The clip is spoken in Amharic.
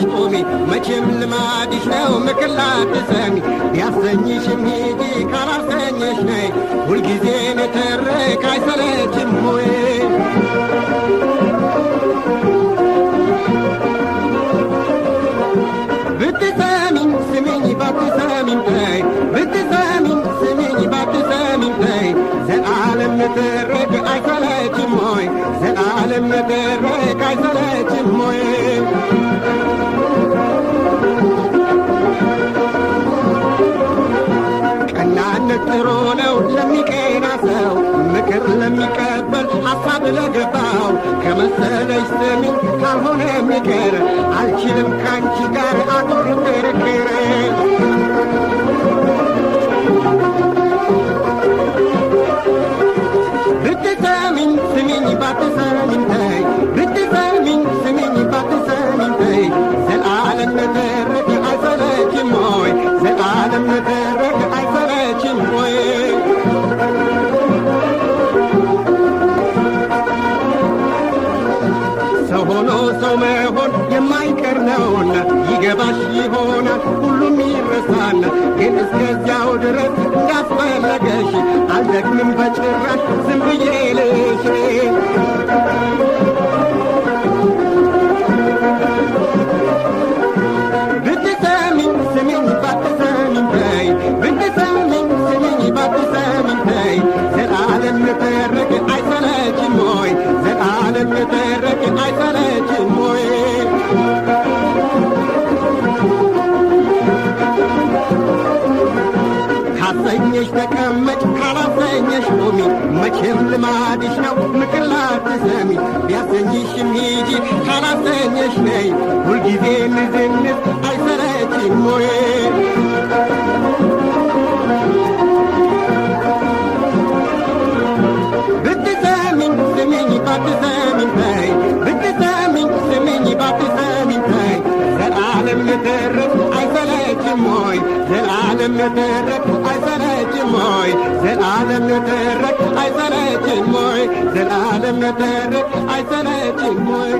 ብለሽ ቁሚ፣ መቼም ልማድሽ ነው ምክር ላትሰሚ። ቢያሰኝሽም ሂጂ፣ ካላሰኘሽ ነይ። ሁልጊዜ መተረክ አይሰለችም ወይ? ብትሰሚኝ ስሚኝ፣ አይሰለችም ወይ? ዘላለም መተረክ አይሰለችም ጥሩ ነው ለሚቀና ሰው ምክር ለሚቀበል ሐሳብ ለገባው ከመሰለች ስሚኝ ካልሆነ ምክር አልችልም ካንቺ ጋር አቶር ክርክር ብትሰሚኝ ስሚኝ ባትሰሚ ሰው ሆኖ ሰው መሆን የማይቀር ነውና ይገባሽ ይሆናል ሁሉም ይረሳና ግን እስከዚያው ድረስ እንዳስፈለገሽ አልደግምም በጭራሽ ዝም ብዬ ልሽ ካሰኘሽ ተቀመጭ፣ ካላሰኘሽ ቁሚ። መቼም ልማድሽ ነው ምክር ላትሰሚ። ቢያሰኝሽም ሂጂ፣ ካላሰኘሽ ነይ። ሁልጊዜ ልዝንፍ አይሰለችም ወይ? ዘላለም ተረክ አይሰለችም ሆይ ዘላለም ተረክ አይሰለችም ሆይ ዘላለም ተረክ አይሰለችም ሆይ